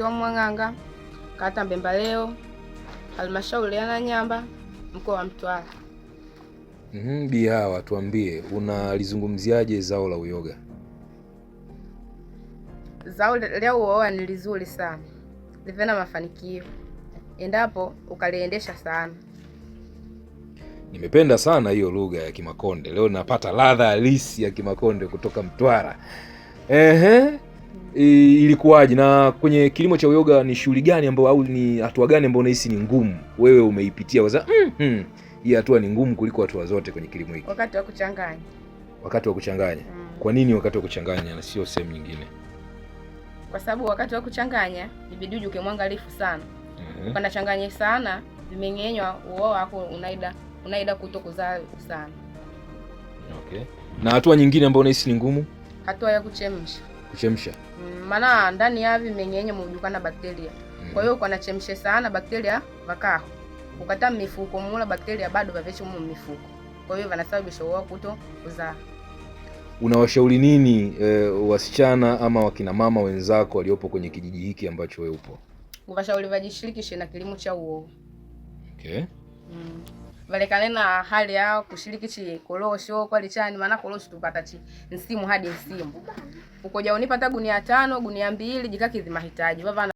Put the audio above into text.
wa Mwang'anga, kata Mbembaleo, halmashauri ya Nanyamba, mkoa wa Mtwara. Mm, Bi Hawa, tuambie unalizungumziaje zao la uyoga? Zao la uyoga ni lizuri sana, livena mafanikio endapo ukaliendesha sana. Nimependa sana hiyo lugha ya Kimakonde. Leo napata ladha halisi ya Kimakonde kutoka Mtwara. Ehe ilikuwaje na kwenye kilimo cha uyoga ni shughuli gani ambayo au ni hatua gani ambayo unahisi ni ngumu wewe umeipitia waza mm -hmm. Hii hatua ni ngumu kuliko hatua zote kwenye kilimo hiki. Wakati wa kuchanganya, wakati wa kuchanganya mm. Kwa nini wakati wa kuchanganya na sio sehemu nyingine? Kwa sababu wakati wa kuchanganya ibidi ujuke mwangalifu sana mm -hmm. Kanachanganya sana vimeng'enywa uo wako unaida unaida kuto kuzaa sana. Okay. Na hatua nyingine ambayo unahisi ni ngumu, hatua ya kuchemsha kuchemsha, mm, maana ndani ya vimeng'enye mujukana bakteria mm. kwa hiyo ukanachemshe sana bakteria vakaho ukata mifuko mula bakteria bado vaveche mu mifuko, kwa hiyo vanasababisha wao kuto kuzaa. Unawashauri nini e, wasichana ama wakina mama wenzako waliopo kwenye kijiji hiki ambacho wewe upo? Uwashauri vajishirikishe na kilimo cha uo. Okay. Mm balekane na hali yao kushiriki korosho kwali chani maana kolosho tupata chi nsimu hadi nsimu ukoja unipata gunia tano gunia mbili jikaki zimahitaji baba